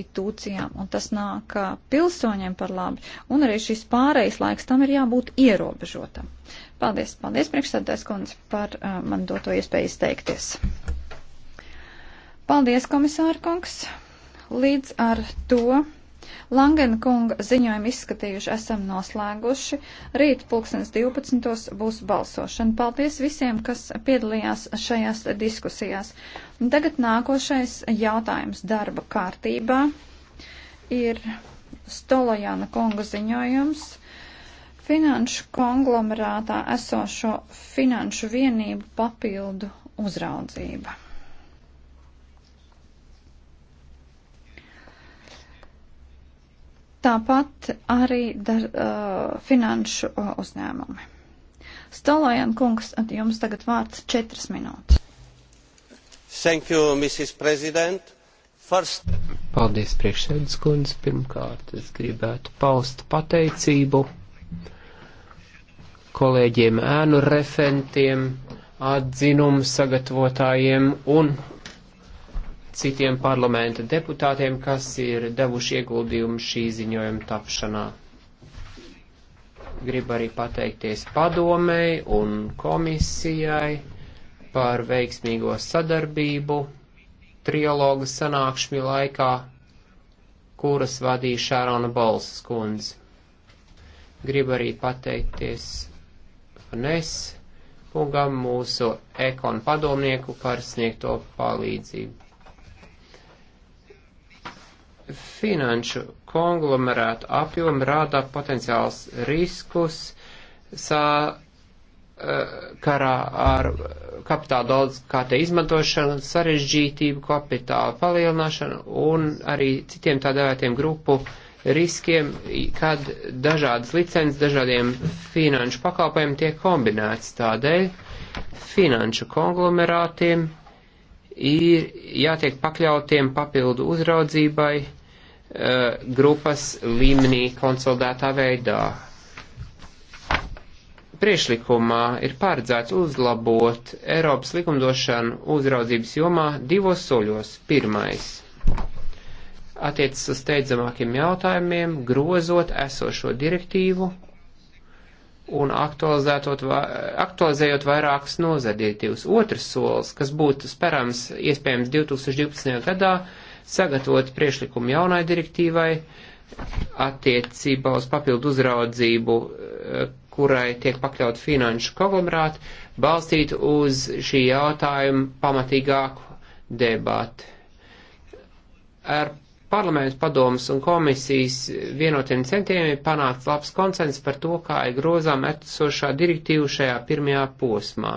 institūcijām, un tas nāk pilsoņiem par labi, un arī šis pārejas laiks tam ir jābūt ierobežotam. Paldies, paldies, priekšsēdētājs kundze, par uh, man doto iespēju izteikties. Paldies, komisāra kungs. Līdz ar to Langena kunga ziņojumu izskatījuši esam noslēguši. Rīt pulkstens 12. būs balsošana. Paldies visiem, kas piedalījās šajās diskusijās. Tagad nākošais jautājums darba kārtībā ir Stolojana kunga ziņojums. Finanšu konglomerātā esošo finanšu vienību papildu uzraudzība. tāpat arī dar, uh, finanšu uh, uzņēmumi. Stolojan kungs, jums tagad vārds četras minūtes. Thank you, Mrs. President. First... Paldies, priekšsēdus kundze. Pirmkārt, es gribētu paust pateicību kolēģiem ēnu referentiem, atzinumu sagatavotājiem un citiem parlamenta deputātiem, kas ir devuši ieguldījumu šī ziņojuma tapšanā. Gribu arī pateikties padomei un komisijai par veiksmīgo sadarbību trialoga sanākšmi laikā, kuras vadīja Šārona Balsas kundze. Gribu arī pateikties Nes kungam, mūsu ekonu padomnieku, par sniegto palīdzību finanšu konglomerātu apjomi rāda potenciāls riskus sā, e, karā ar kapitāla daudz kā te izmantošanu, sarežģītību, kapitāla palielināšanu un arī citiem tādēvētiem grupu riskiem, kad dažādas licences dažādiem finanšu pakalpojumiem tiek kombinētas tādēļ finanšu konglomerātiem ir jātiek pakļautiem papildu uzraudzībai eh, grupas līmenī konsolidētā veidā. Priešlikumā ir paredzēts uzlabot Eiropas likumdošanu uzraudzības jomā divos soļos. Pirmais attiecas uz steidzamākiem jautājumiem, grozot esošo direktīvu un aktualizējot vairākas nozadītīvas. Otrs solis, kas būtu sperams iespējams 2012. gadā, sagatavot priešlikumu jaunai direktīvai attiecībā uz papildu uzraudzību, eh, kurai tiek pakļaut finanšu konglomerāti, balstīt uz šī jautājuma pamatīgāku debatu. Ar parlaments padomas un komisijas vienotiem centieniem ir panākt labs konsens par to, kā ir grozām etsošā direktīva šajā pirmajā posmā.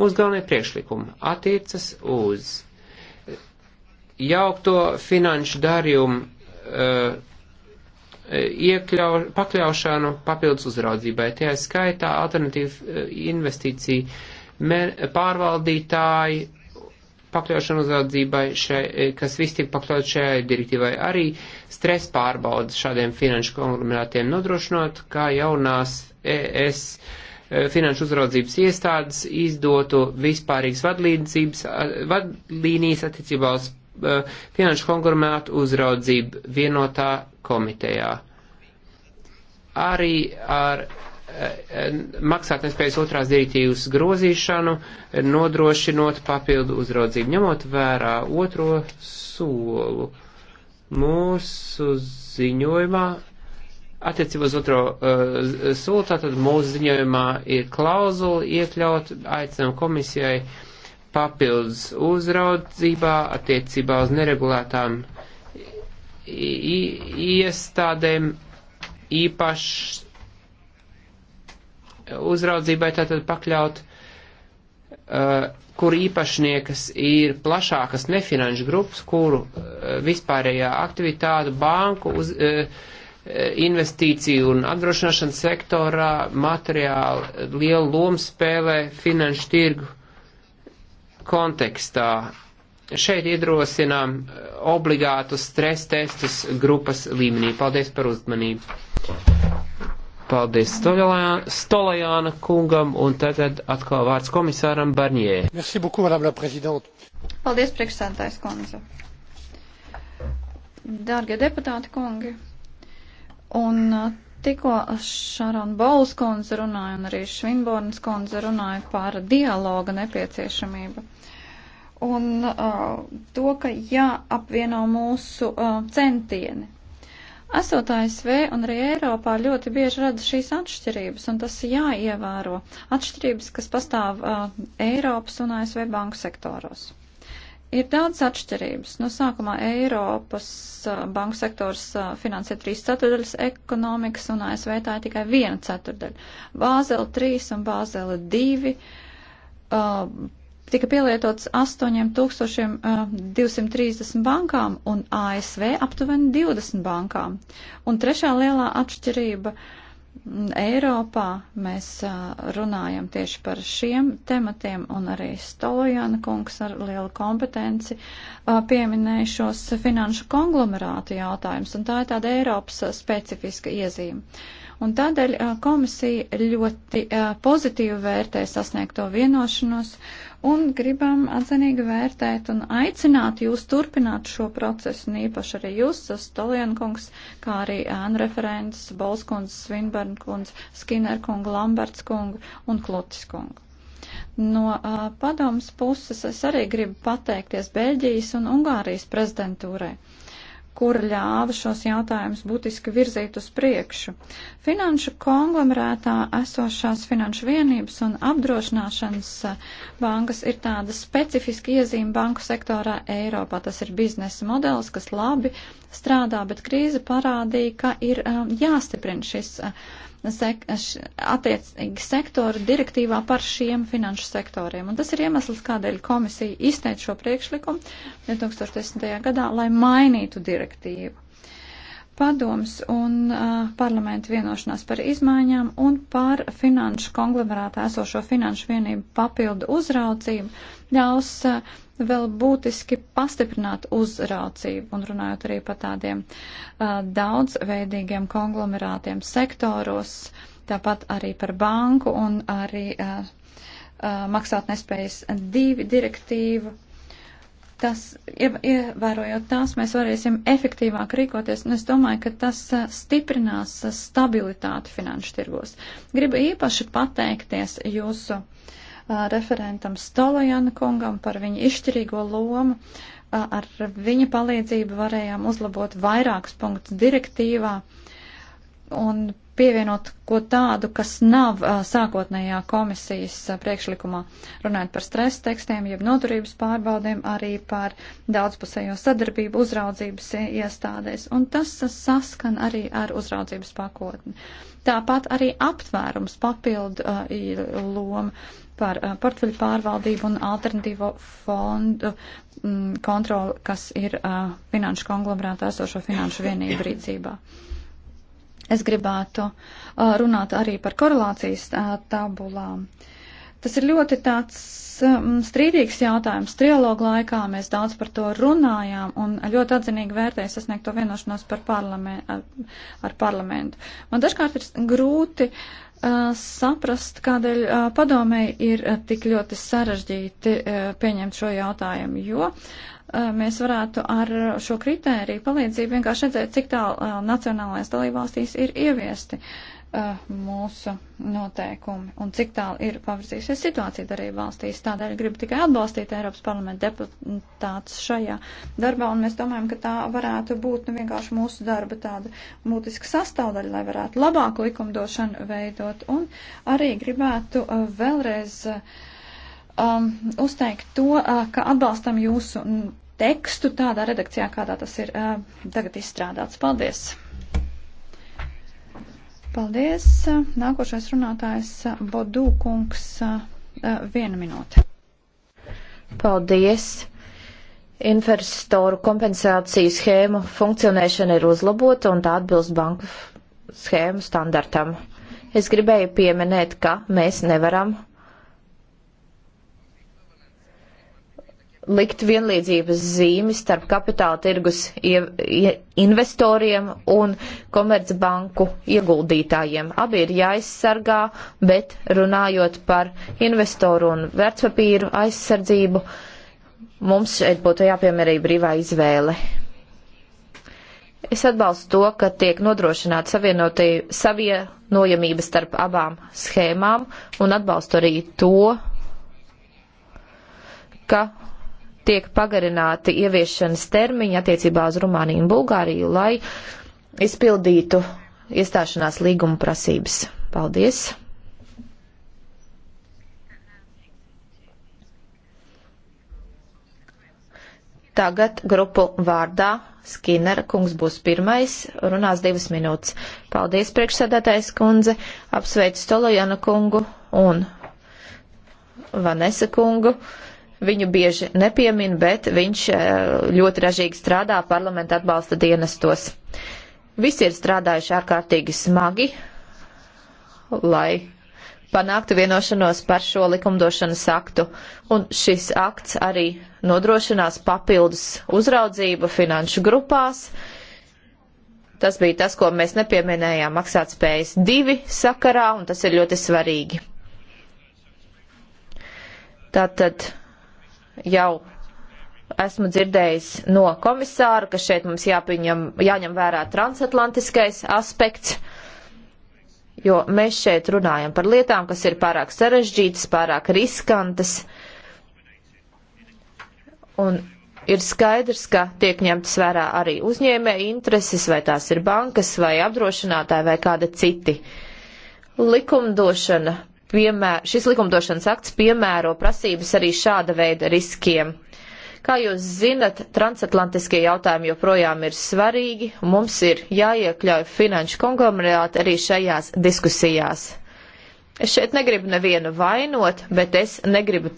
Mūsu galvenie priekšlikumi attiecas uz jaukto finanšu darījumu uh, iekļau, pakļaušanu papildus uzraudzībai. Tajā skaitā alternatīva eh, investīcija pārvaldītāji, pakļaušana uzraudzībai, šai, eh, kas viss tiek pakļauts šajai direktīvai, arī stres pārbaudas šādiem finanšu konglomerātiem nodrošinot, kā jaunās ES eh, finanšu uzraudzības iestādes izdotu vispārīgas vadlīnijas attiecībā uz eh, finanšu konglomerātu uzraudzību vienotā komitejā. Arī ar maksātnespējas otrās direktīvas grozīšanu, nodrošinot papildu uzraudzību, ņemot vērā otro solu. Mūsu ziņojumā, attiecībā uz otro uh, solu, tātad mūsu ziņojumā ir klauzula iekļaut, aicinām komisijai papildus uzraudzībā attiecībā uz neregulētām iestādēm īpašs uzraudzībai tātad pakļaut, uh, kur īpašniekas ir plašākas nefinanšu grupas, kuru uh, vispārējā aktivitāte banku uz, uh, investīciju un apdrošināšanas sektorā materiāli lielu lomu spēlē finanšu tirgu kontekstā. Šeit iedrosinām uh, obligātus stres testus grupas līmenī. Paldies par uzmanību. Paldies Stolajāna kungam un tagad atkal vārds komisāram Barņē. Merci beaucoup, madame la présidente. Paldies, priekšsēdētājs kundze. Dārgie deputāti kungi, un tikko Šarona Bols kundze runāja un arī Švinbornas kundze runāja par dialoga nepieciešamību un uh, to, ka jāapvieno mūsu uh, centieni. Esot ASV un arī Eiropā ļoti bieži redz šīs atšķirības, un tas jāievēro. Atšķirības, kas pastāv uh, Eiropas un ASV banku sektoros. Ir daudz atšķirības. No sākumā Eiropas uh, banku sektors uh, finansē 3 ceturdaļas ekonomikas, un ASV tā ir tikai 1 ceturdaļa. Bāzela 3 un Bāzela 2. Uh, tika pielietots 8230 eh, bankām un ASV aptuveni 20 bankām. Un trešā lielā atšķirība mm, Eiropā mēs eh, runājam tieši par šiem tematiem un arī Stolojana kungs ar lielu kompetenci eh, pieminēja šos finanšu konglomerātu jautājumus un tā ir tāda Eiropas specifiska iezīme. Un tādēļ komisija ļoti pozitīvi vērtē sasniegto vienošanos. Uh, un gribam atzinīgi vērtēt un aicināt jūs turpināt šo procesu, un īpaši arī jūs, Stolienkungs, kā arī ēnu referents, Bolskundz, Svinbarnkundz, Skinnerkungu, Lambertskungu un Klutiskungu. No uh, padomas puses es arī gribu pateikties Beļģijas un Ungārijas prezidentūrai. Uh, kur ļāva šos jautājumus būtiski virzīt uz priekšu. Finanšu konglomerētā esošās finanšu vienības un apdrošināšanas eh, bankas ir tāda specifiska iezīme banku sektorā Eiropā. Tas ir biznesa modelis, kas labi strādā, bet krīze parādīja, ka ir eh, jāstiprina šis. Uh, sek attiecīgi sektoru direktīvā par šiem finanšu sektoriem. Un tas ir iemesls, kādēļ komisija izteica šo priekšlikumu 2010. gadā, lai mainītu direktīvu. Padoms un uh, parlamenta vienošanās par izmaiņām un par finanšu konglomerātā esošo finanšu vienību papildu uzraucību ļaus uh, vēl būtiski pastiprināt uzraucību un runājot arī par tādiem uh, daudzveidīgiem konglomerātiem sektoros, tāpat arī par banku un arī uh, uh, maksātnespējas divi direktīvu. Tas, ievērojot tās, mēs varēsim efektīvāk rīkoties, un es domāju, ka tas uh, stiprinās stabilitāti finanšu tirgos. Gribu īpaši pateikties jūsu uh, referentam Stolojana kungam par viņa izšķirīgo lomu. Ar viņa palīdzību varējām uzlabot vairākus punktus direktīvā un pievienot ko tādu, kas nav sākotnējā komisijas priekšlikumā. Runājot par stresa tekstiem, jeb noturības pārbaudēm, arī par daudzpusējo sadarbību uzraudzības iestādēs, un tas saskan arī ar uzraudzības pakotni. Tāpat arī aptvērums papildu uh, loma par eh, portfeļu pārvaldību un alternatīvo fondu mm, kontroli, kas ir eh, finanšu konglomerāta esošo finanšu vienību rīcībā. Es gribētu eh, runāt arī par korelācijas tabulām. Tas ir ļoti tāds mm, strīdīgs jautājums. Trialogu laikā mēs daudz par to runājām un ļoti atzinīgi vērtēju sasniegto vienošanos par parlament, ar parlamentu. Man dažkārt ir grūti uh, Uh, saprast, kādēļ uh, padomēji ir uh, tik ļoti sarežģīti pieņemt šo jautājumu, jo mēs varētu ar šo kritēriju palīdzību vienkārši redzēt, cik tālu nacionālais dalībvalstīs ir ieviesti. Uh, uh, mūsu noteikumi un cik tālu ir pavirzījusies situācija darība valstīs. Tādēļ gribu tikai atbalstīt Eiropas parlamenta deputātus šajā darbā, un mēs domājam, ka tā varētu būt nu, vienkārši mūsu darba tāda būtiska sastāvdaļa, lai varētu labāku likumdošanu veidot. Un arī gribētu uh, vēlreiz eh, um, uzteikt to, uh, ka atbalstam jūsu tekstu tādā redakcijā, kādā tas ir uh, tagad izstrādāts. Paldies! Paldies. Nākošais runātājs Bodū kungs. Eh, viena minūte. Paldies. Investoru kompensācijas schēmu funkcionēšana ir uzlabota un tā atbilst banku schēmu standartam. Es gribēju pieminēt, ka mēs nevaram likt vienlīdzības zīmi starp kapitāla tirgus investoriem un komercbanku ieguldītājiem. Abi ir jāaizsargā, bet runājot par investoru un vērtspapīru aizsardzību, mums šeit būtu jāpiemēr arī brīvā izvēle. Es atbalstu to, ka tiek nodrošināta savienojamība starp abām schēmām un atbalstu arī to, ka tiek pagarināti ieviešanas termiņi attiecībā uz Rumāniju un Bulgāriju, lai izpildītu iestāšanās līguma prasības. Paldies! Tagad grupu vārdā Skinner kungs būs pirmais, runās divas minūtes. Paldies, priekšsēdētājs kundze, apsveicu Stolojanu kungu un Vanesa kungu. Uh, Viņu bieži nepiemin, bet viņš eh, ļoti ražīgi strādā parlamenta atbalsta dienestos. Visi ir strādājuši ārkārtīgi smagi, lai panāktu vienošanos par šo likumdošanas aktu, un šis akts arī nodrošinās papildus uzraudzību finanšu grupās. Tas bija tas, ko mēs nepieminējām maksātspējas divi sakarā, un tas ir ļoti svarīgi. Tātad jau esmu dzirdējis no komisāra, ka šeit mums jāpieņem, jāņem vērā transatlantiskais aspekts, jo mēs šeit runājam par lietām, kas ir pārāk sarežģītas, pārāk riskantas. Un ir skaidrs, ka tiek ņemtas vērā arī uzņēmēja intereses, vai tās ir bankas, vai apdrošinātāji, vai kāda citi. Likumdošana piemēr, šis likumdošanas akts piemēro prasības arī šāda veida riskiem. Kā jūs zinat, transatlantiskie jautājumi joprojām ir svarīgi, un mums ir jāiekļauj finanšu konglomerāti arī šajās diskusijās. Es šeit negribu nevienu vainot, bet es negribu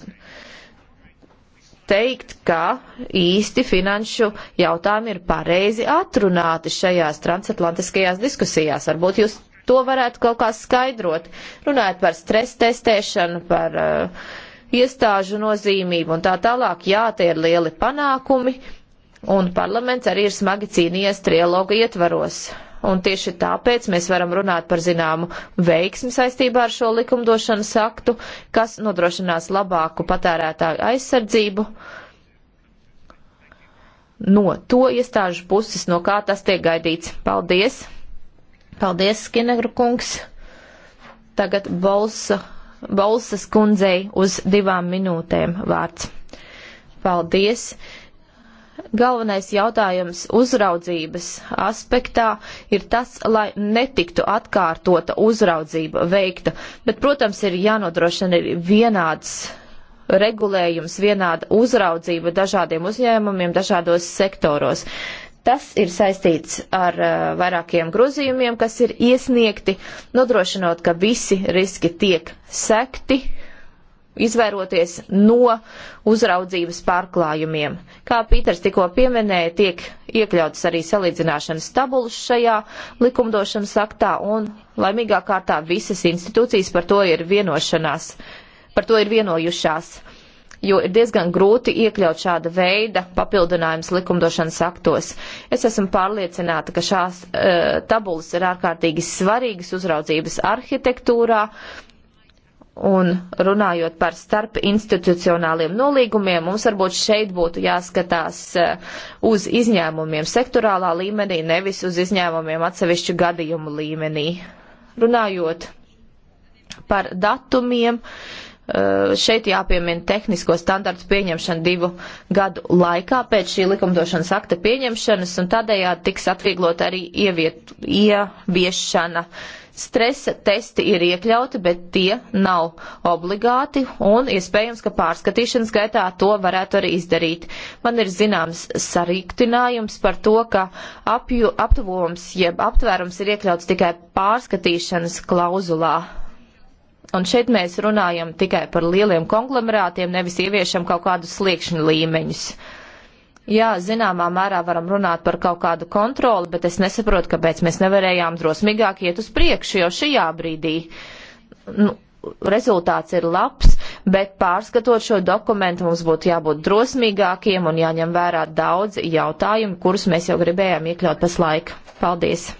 teikt, ka īsti finanšu jautājumi ir pareizi atrunāti šajās transatlantiskajās diskusijās. Varbūt jūs to varētu kaut kā skaidrot. Runājot par stresa testēšanu, par uh, iestāžu nozīmību un tā tālāk, jā, tie ir lieli panākumi, un parlaments arī ir smagi cīnījies trialogu ietvaros. Un tieši tāpēc mēs varam runāt par zināmu veiksmi saistībā ar šo likumdošanas aktu, kas nodrošinās labāku patērētāju aizsardzību no to iestāžu puses, no kā tas tiek gaidīts. Paldies! Paldies, Skinegru kungs. Tagad Bolsa, Bolsas kundzei uz divām minūtēm vārds. Paldies galvenais jautājums uzraudzības aspektā ir tas, lai netiktu atkārtota uzraudzība veikta, bet, protams, ir jānodrošina ir vienāds regulējums, vienāda uzraudzība dažādiem uzņēmumiem, dažādos sektoros. Tas ir saistīts ar uh, vairākiem grozījumiem, kas ir iesniegti, nodrošinot, ka visi riski tiek sekti, izvairoties no uzraudzības pārklājumiem. Kā Pīters tikko pieminēja, tiek iekļauts arī salīdzināšanas tabulas šajā likumdošanas aktā, un laimīgā kārtā visas institūcijas par to ir vienošanās, par to ir vienojušās jo ir diezgan grūti iekļaut šāda veida papildinājums likumdošanas aktos. Es esmu pārliecināta, ka šās e, tabulas ir ārkārtīgi svarīgas uzraudzības arhitektūrā. Un runājot par starp institucionāliem nolīgumiem, mums varbūt šeit būtu jāskatās e, uz izņēmumiem sektorālā līmenī, nevis uz izņēmumiem atsevišķu gadījumu līmenī. Runājot par datumiem, Eh, šeit jāpiemina tehnisko standartu pieņemšana divu gadu laikā pēc šī likumdošanas akta pieņemšanas, un tādējādi tiks atvieglot arī ieviet, ieviešana. Stresa testi ir iekļauti, bet tie nav obligāti, un iespējams, ka pārskatīšanas gaitā to varētu arī izdarīt. Man ir zināms sarīktinājums par to, ka apju, aptuvums jeb aptvērums ir iekļauts tikai pārskatīšanas klauzulā Un šeit mēs runājam tikai par lieliem konglomerātiem, nevis ieviešam kaut kādus sliekšņu līmeņus. Jā, zināmā mērā varam runāt par kaut kādu kontroli, bet es nesaprotu, kāpēc mēs nevarējām drosmīgāk iet uz priekšu jau šajā brīdī. Nu, rezultāts ir labs, bet pārskatot šo dokumentu mums būtu jābūt drosmīgākiem un jāņem vērā daudz jautājumu, kurus mēs jau gribējām iekļaut pēc laika. Paldies!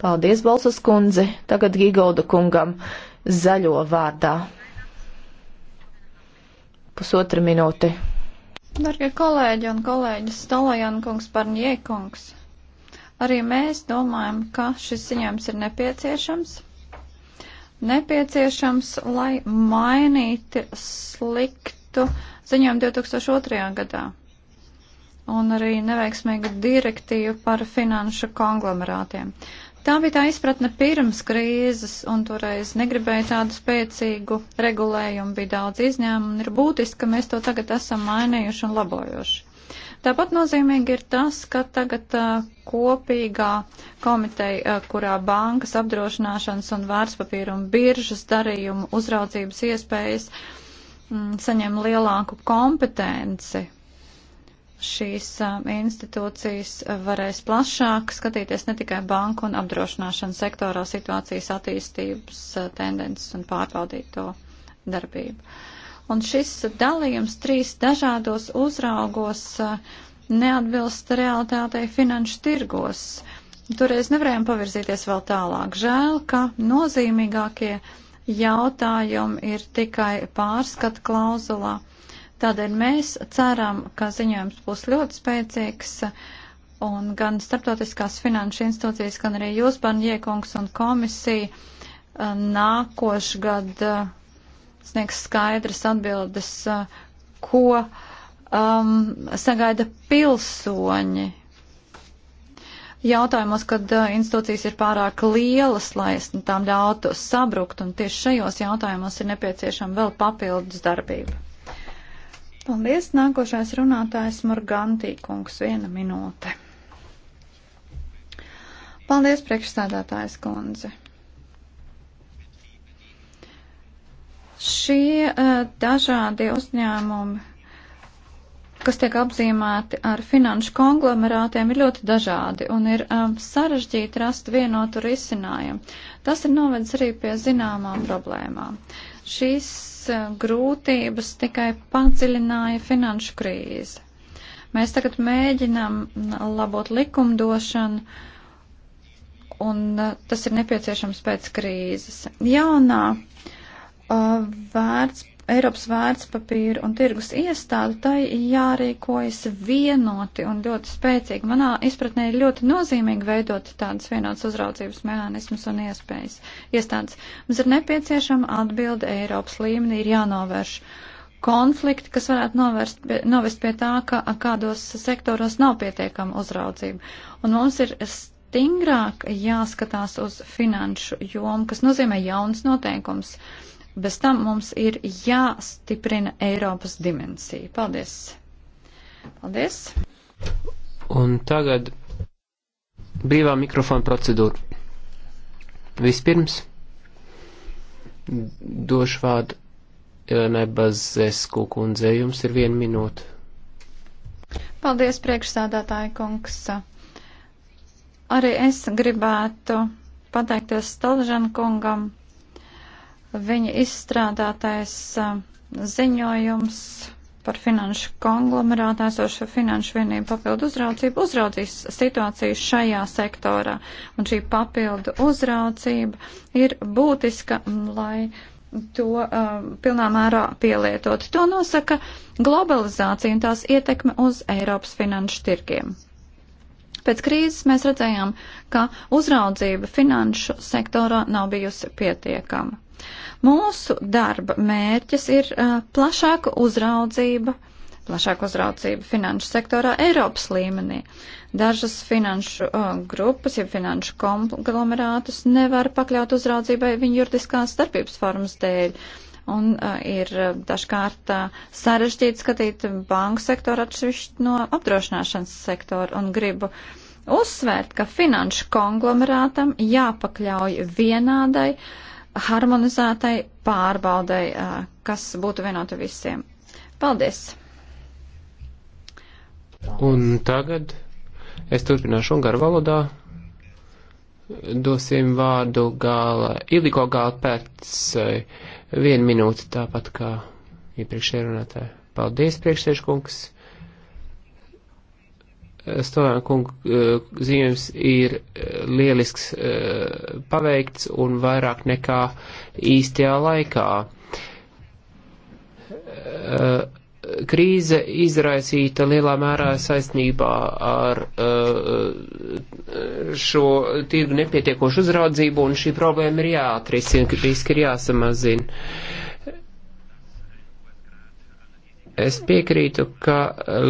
Paldies, Balsas kundze. Tagad Gigolda kungam zaļo vārdā. Pusotra minūte. Darbie kolēģi un kolēģis Stolajankungs par Njēkungs. Arī mēs domājam, ka šis ziņojums ir nepieciešams nepieciešams, lai mainītu sliktu ziņojumu 2002. gadā un arī neveiksmīgu direktīvu par finanšu konglomerātiem. Tā bija tā izpratne pirms krīzes, un toreiz negribēja tādu spēcīgu regulējumu, bija daudz izņēmumu, ir būtiski, ka mēs to tagad esam mainījuši un labojoši. Tāpat nozīmīgi ir tas, ka tagad uh, kopīgā komiteja, uh, kurā bankas apdrošināšanas un vērtspapīru un biržas darījumu uzraudzības iespējas mm, saņem lielāku kompetenci šīs institūcijas varēs plašāk skatīties ne tikai banku un apdrošināšanas sektorā situācijas attīstības tendences un pārbaudīt to darbību. Un šis dalījums trīs dažādos uzraugos neatbilst realitātei finanšu tirgos. Toreiz nevarējām pavirzīties vēl tālāk. Žēl, ka nozīmīgākie jautājumi ir tikai pārskata klauzulā Tādēļ mēs ceram, ka ziņojums būs ļoti spēcīgs un gan starptautiskās finanšu institūcijas, gan arī jūs, Banjiekungs un komisija eh, nākošgad eh, sniegs skaidras atbildes, eh, ko um, sagaida pilsoņi jautājumos, kad institūcijas ir pārāk lielas, lai tām ļautu sabrukt, un tieši šajos jautājumos ir nepieciešama vēl papildus darbība. Paldies. Nākošais runātājs Morgantī kungs. Viena minūte. Paldies, priekšstādātājs kundze. Šie uh, dažādi uzņēmumi, kas tiek apzīmēti ar finanšu konglomerātiem, ir ļoti dažādi un ir um, sarežģīti rast vienotu risinājumu. Tas ir novedis arī pie zināmām problēmām. Šīs grūtības tikai padziļināja finanšu krīze. Mēs tagad mēģinām labot likumdošanu, un uh, tas ir nepieciešams pēc krīzes. Jaunā uh, vērts Eiropas vērtspapīra un tirgus iestāde, tai jārīkojas vienoti un ļoti spēcīgi. Manā izpratnē ir ļoti nozīmīgi veidot tādas vienotas uzraudzības mehānismus un iespējas. Iestādes mums ir nepieciešama atbilde Eiropas līmenī, ir jānovērš konflikti, kas varētu novērst, novest pie tā, ka kādos sektoros nav pietiekama uzraudzība. Un mums ir stingrāk jāskatās uz finanšu jomu, kas nozīmē jauns noteikums Bez tam mums ir jāstiprina Eiropas dimensija. Paldies! Paldies! Un tagad brīvā mikrofona procedūra. Vispirms došu vārdu Ilenai Bazesku kundzei. Jums ir viena minūte. Paldies, priekšsādātāja kungs. Arī es gribētu pateikties Stalžan kungam viņa izstrādātais ziņojums par finanšu konglomerātu esošo finanšu vienību papildu uzraudzību uzraudzīs situāciju šajā sektorā. Un šī papildu uzraudzība ir būtiska, lai to uh, pilnā mērā pielietot. To nosaka globalizācija un tās ietekme uz Eiropas finanšu tirgiem. Pēc krīzes mēs redzējām, ka uzraudzība finanšu sektorā nav bijusi pietiekama Mūsu darba mērķis ir uh, plašāka uzraudzība, plašāka uzraudzība finanšu sektorā Eiropas līmenī. Dažas finanšu uh, grupas, ja finanšu konglomerātus nevar pakļaut uzraudzībai viņu juridiskās starpības formas dēļ. Un uh, ir dažkārt uh, sarežģīti skatīt banku sektoru atsevišķi no apdrošināšanas sektora un gribu uzsvērt, ka finanšu konglomerātam jāpakļauj vienādai uh, harmonizētai pārbaudai, kas būtu vienota visiem. Paldies! Un tagad es turpināšu ungaru valodā. Dosim vārdu gala, iliko gala pēc vienu minūti tāpat kā iepriekšējā runātāja. Paldies, priekšsēžkungs! Stojāna kunga e, ziņojums ir e, lielisks e, paveikts un vairāk nekā īstajā laikā. Krīze izraisīta lielā mērā saistībā ar šo tirgu nepietiekošu uzraudzību, un šī problēma ir jāatrisina, riski ir jāsamazina Es piekrītu, ka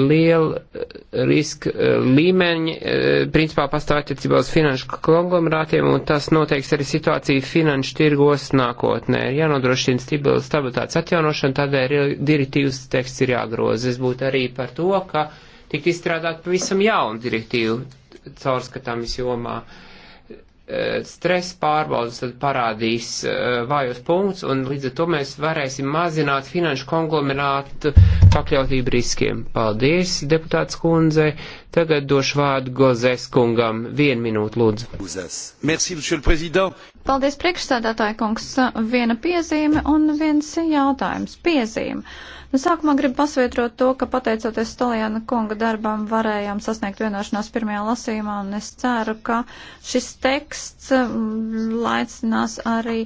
liela eh, riska eh, līmeņa eh, principā pastāv attiecībā uz finanšu konglomerātiem, un tas noteiks arī situāciju finanšu tirgos nākotnē. Ir jānodrošina stabila stabilitātes atjaunošana, tādēļ direktīvas teksts ir jāgroza. Es būtu arī par to, ka tikt izstrādāt pavisam jaunu direktīvu caurskatāmis jomā. Uh, Eh, stresa pārbaudas tad parādīs eh, vājos punktus, un līdz ar to mēs varēsim mazināt finanšu konglomerātu pakļautību riskiem. Paldies, deputāts kundze. Tagad došu vārdu Gozes kungam. Vienu minūtu, lūdzu. Merci, Paldies, priekšstādātāja kungs. Viena piezīme un viens jautājums. Piezīme. Nu, sākumā gribu pasvietrot to, ka pateicoties Stoljana kunga darbam varējām sasniegt vienošanos pirmajā lasījumā, un es ceru, ka šis teksts mm, laicinās arī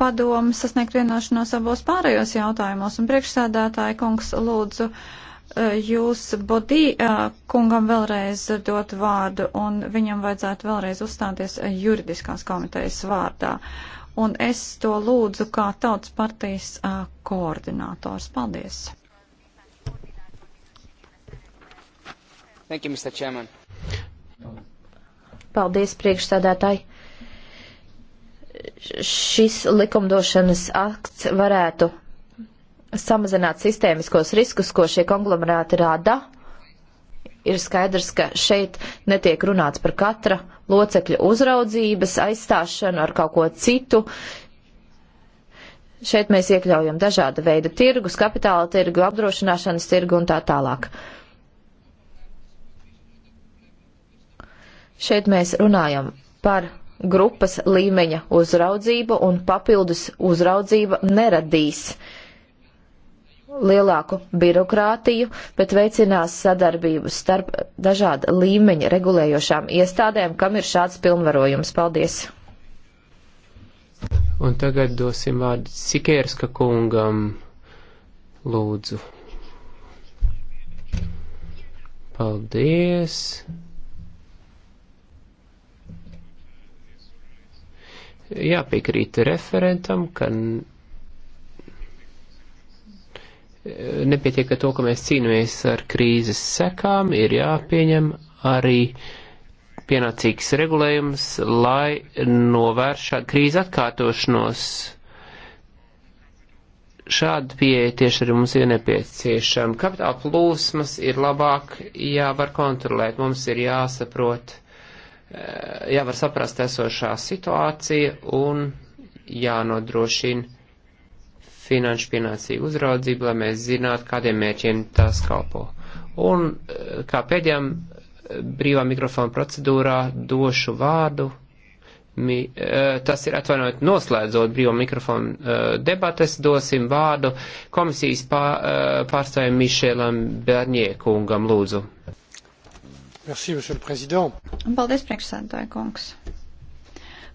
padomu sasniegt vienošanos abos pārējos jautājumos, un priekšsēdētāji kungs lūdzu e, jūs Bodī e, kungam vēlreiz dot vārdu, un viņam vajadzētu vēlreiz uzstāties juridiskās komitejas vārdā un es to lūdzu kā tautas partijas uh, koordinators. Paldies! Thank you, Mr. Chairman. Paldies, priekšsēdētāji. Šis likumdošanas akts varētu samazināt sistēmiskos riskus, ko šie konglomerāti rada. Ir skaidrs, ka šeit netiek runāts par katra locekļu uzraudzības, aizstāšanu ar kaut ko citu. Šeit mēs iekļaujam dažāda veida tirgus, kapitāla tirgu, apdrošināšanas tirgu un tā tālāk. Šeit mēs runājam par grupas līmeņa uzraudzību un papildus uzraudzība neradīs uh, lielāku birokrātiju, bet veicinās sadarbību starp dažāda līmeņa regulējošām iestādēm, kam ir šāds pilnvarojums. Paldies! Un tagad dosim vārdu Sikērska kungam, lūdzu. Paldies! Jāpiekrīt referentam, ka nepietiek ar to, ka mēs cīnāmies ar krīzes sekām, ir jāpieņem arī pienācīgs regulējums, lai novērš šādu krīzi atkārtošanos. Šāda pieeja tieši arī mums ir nepieciešama. Kapitāla plūsmas ir labāk jāvar kontrolēt, mums ir jāsaprot, eh, jāvar saprast esošā situācija un jānodrošina finanšu pienācīgu uzraudzību, lai mēs zinātu, kādiem mērķiem tas kalpo. Un eh, kā pēdējām eh, brīvā mikrofona procedūrā došu vārdu. Mi, eh, tas ir atvainojot noslēdzot brīvo mikrofonu debates, dosim vārdu komisijas pār, pārstāvjiem Mišēlam Bernie kungam lūdzu. Merci, Paldies, priekšsēdētāji kungs.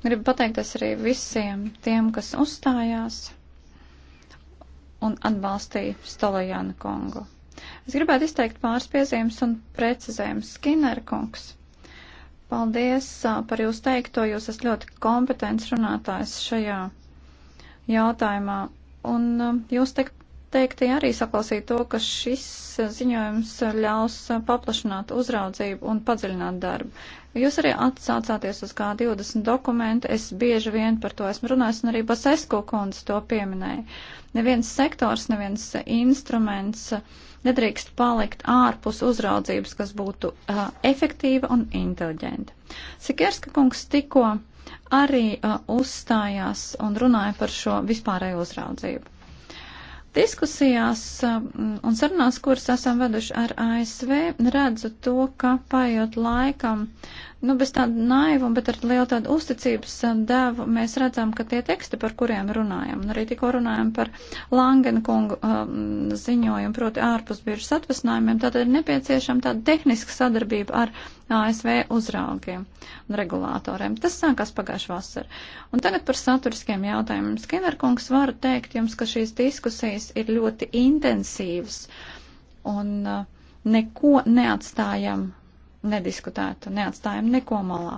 Gribu pateikties arī visiem tiem, kas uzstājās un atbalstīja Stolajānu Kongu. Es gribētu izteikt pāris piezīmes un precizējumus. Skinner kungs, paldies par jūsu teikto, jūs esat ļoti kompetents runātājs šajā jautājumā, un jūs teikt noteikti arī saklausīt to, ka šis ziņojums ļaus paplašināt uzraudzību un padziļināt darbu. Jūs arī atsācāties uz kā 20 dokumentu, es bieži vien par to esmu runājis, un arī Basesko kundze to pieminēja. Neviens sektors, neviens instruments nedrīkst palikt ārpus uzraudzības, kas būtu uh, efektīva un inteliģenta. Sikerska kungs tikko arī uh, uzstājās un runāja par šo vispārēju uzraudzību. Diskusijās um, un sarunās, kuras esam veduši ar ASV, redzu to, ka paiet laikam, nu bez tāda naivuma, bet ar lielu tādu uzticības um, devu, mēs redzam, ka tie teksti, par kuriem runājam, un arī tikko runājam par Langenkungu um, ziņojumu, proti ārpusbiežas atvasinājumiem, tātad ir nepieciešama tāda tehniska sadarbība ar ASV uzraugiem un regulātoriem. Tas sākās pagājušā vasarā. Un tagad par saturiskiem jautājumiem. Skinnerkungs varu teikt jums, ka šīs diskusijas ir ļoti intensīvas un uh, neko neatstājam nediskutētu, neatstājam neko malā.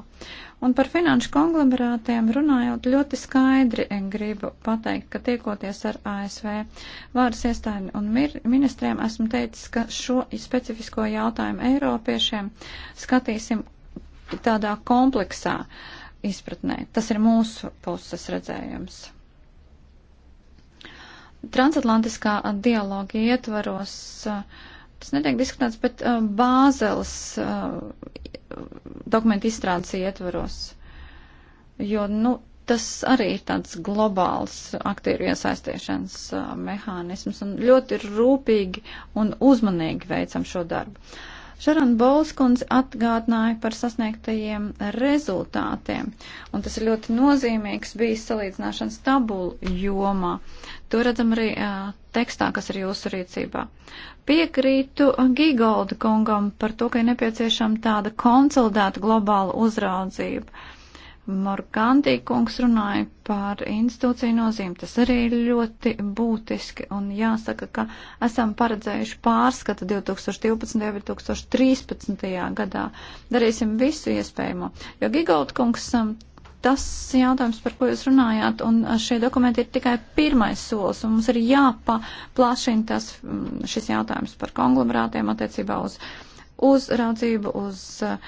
Un par finanšu konglomerātiem runājot ļoti skaidri, gribu pateikt, ka tiekoties ar ASV vāras iestādi un ministriem, esmu teicis, ka šo specifisko jautājumu Eiropiešiem skatīsim tādā kompleksā izpratnē. Tas ir mūsu puses redzējums. Transatlantiskā dialoga ietvaros uh, tas netiek diskutēts, bet uh, Bāzeles uh, dokumentu izstrādes ietvaros. Jo, nu, tas arī ir tāds globāls aktieru iesaistīšanas uh, mehānisms un ļoti rūpīgi un uzmanīgi veicam šo darbu. Uh, Šarona Bolskundze atgādināja par sasniegtajiem rezultātiem, un tas ir ļoti nozīmīgs bijis salīdzināšanas tabulu jomā. To redzam arī uh, tekstā, kas ir jūsu rīcībā. Piekrītu Gigolda kungam par to, ka ir nepieciešama tāda konsolidēta globāla uzraudzība. Morgantī kungs runāja par institūciju nozīmi. Tas arī ir ļoti būtiski un jāsaka, ka esam paredzējuši pārskatu 2012. un 2013. gadā. Darīsim visu iespējamo, jo Gigaut kungs um, tas jautājums, par ko jūs runājāt, un uh, šie dokumenti ir tikai pirmais solis, un mums ir jāpaplašina tas, um, šis jautājums par konglomerātiem attiecībā uz uzraudzību, uz uh,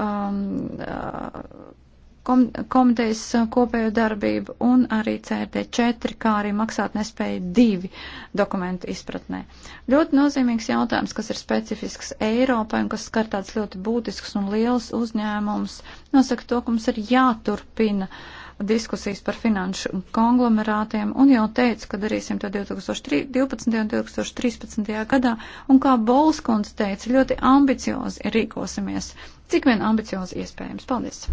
um, uh, kom komitejas uh, kopējo darbību un arī CRD4, kā arī maksāt nespēja divi dokumentu izpratnē. Ļoti nozīmīgs jautājums, kas ir specifisks Eiropai un kas skar tāds ļoti būtisks un liels uzņēmums, nosaka to, ka mums ir jāturpina diskusijas par finanšu konglomerātiem un jau teicu, ka darīsim to 2012. un 2013. gadā, un kā Bolskundze teica, ļoti ambiciozi rīkosimies, cik vien ambiciozi iespējams. Paldies!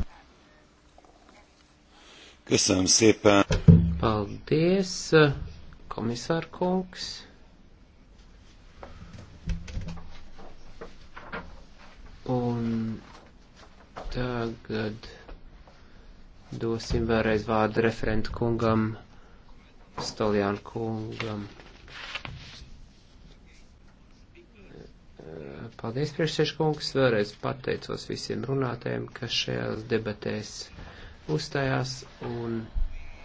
Köszönöm szépen. Paldies, komisār kungs. Un tagad dosim vēlreiz vārdu referentu kungam, Stoljānu kungam. Paldies, priekšsēžkungs, vēlreiz pateicos visiem runātēm, kas šajās debatēs uzstājās un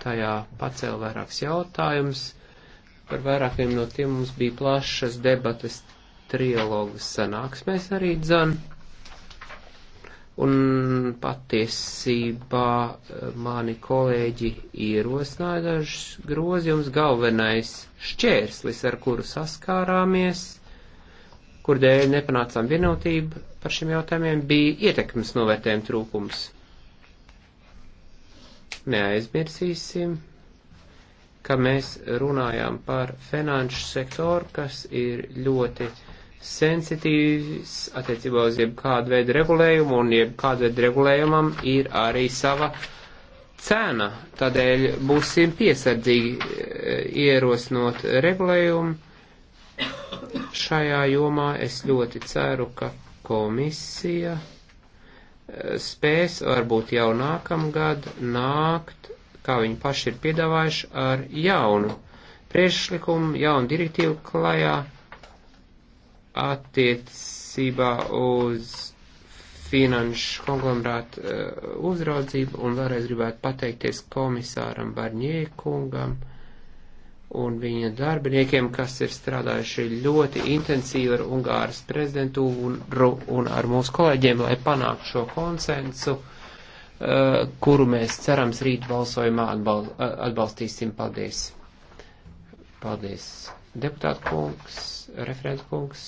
tajā pacēla vairākas jautājumas. Par vairākiem no tiem mums bija plašas debates trialogas sanāksmēs arī dzan. Un patiesībā eh, mani kolēģi ierosināja dažus grozījumus. Galvenais šķērslis, ar kuru saskārāmies, kur dēļ nepanācām vienotību par šiem jautājumiem, bija ietekmes novērtējuma trūkums neaizmirsīsim, ka mēs runājām par finanšu sektoru, kas ir ļoti sensitīvs attiecībā uz jebkādu veidu regulējumu, un jebkādu veidu regulējumam ir arī sava cena. Tādēļ būsim piesardzīgi eh, ierosinot regulējumu. Šajā jomā es ļoti ceru, ka komisija spēs varbūt jau nākamgad nākt, kā viņi paši ir piedāvājuši, ar jaunu priekšlikumu, jaunu direktīvu klajā attiecībā uz finanšu konglomerātu eh, uzraudzību un vēlreiz gribētu pateikties komisāram Barņiekungam. kungam un viņa darbiniekiem, kas ir strādājuši ļoti intensīvi ar Ungāras prezidentūru un ar mūsu kolēģiem, lai panāktu šo konsensu, eh, kuru mēs cerams rīt balsojumā atbal eh, atbalstīsim. Paldies! Paldies, deputāta kungs, referenta kungs.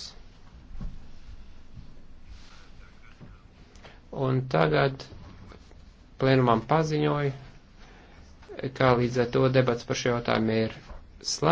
Un tagad plenumam paziņoju, kā līdz ar to debats par šo jautājumu ir Slā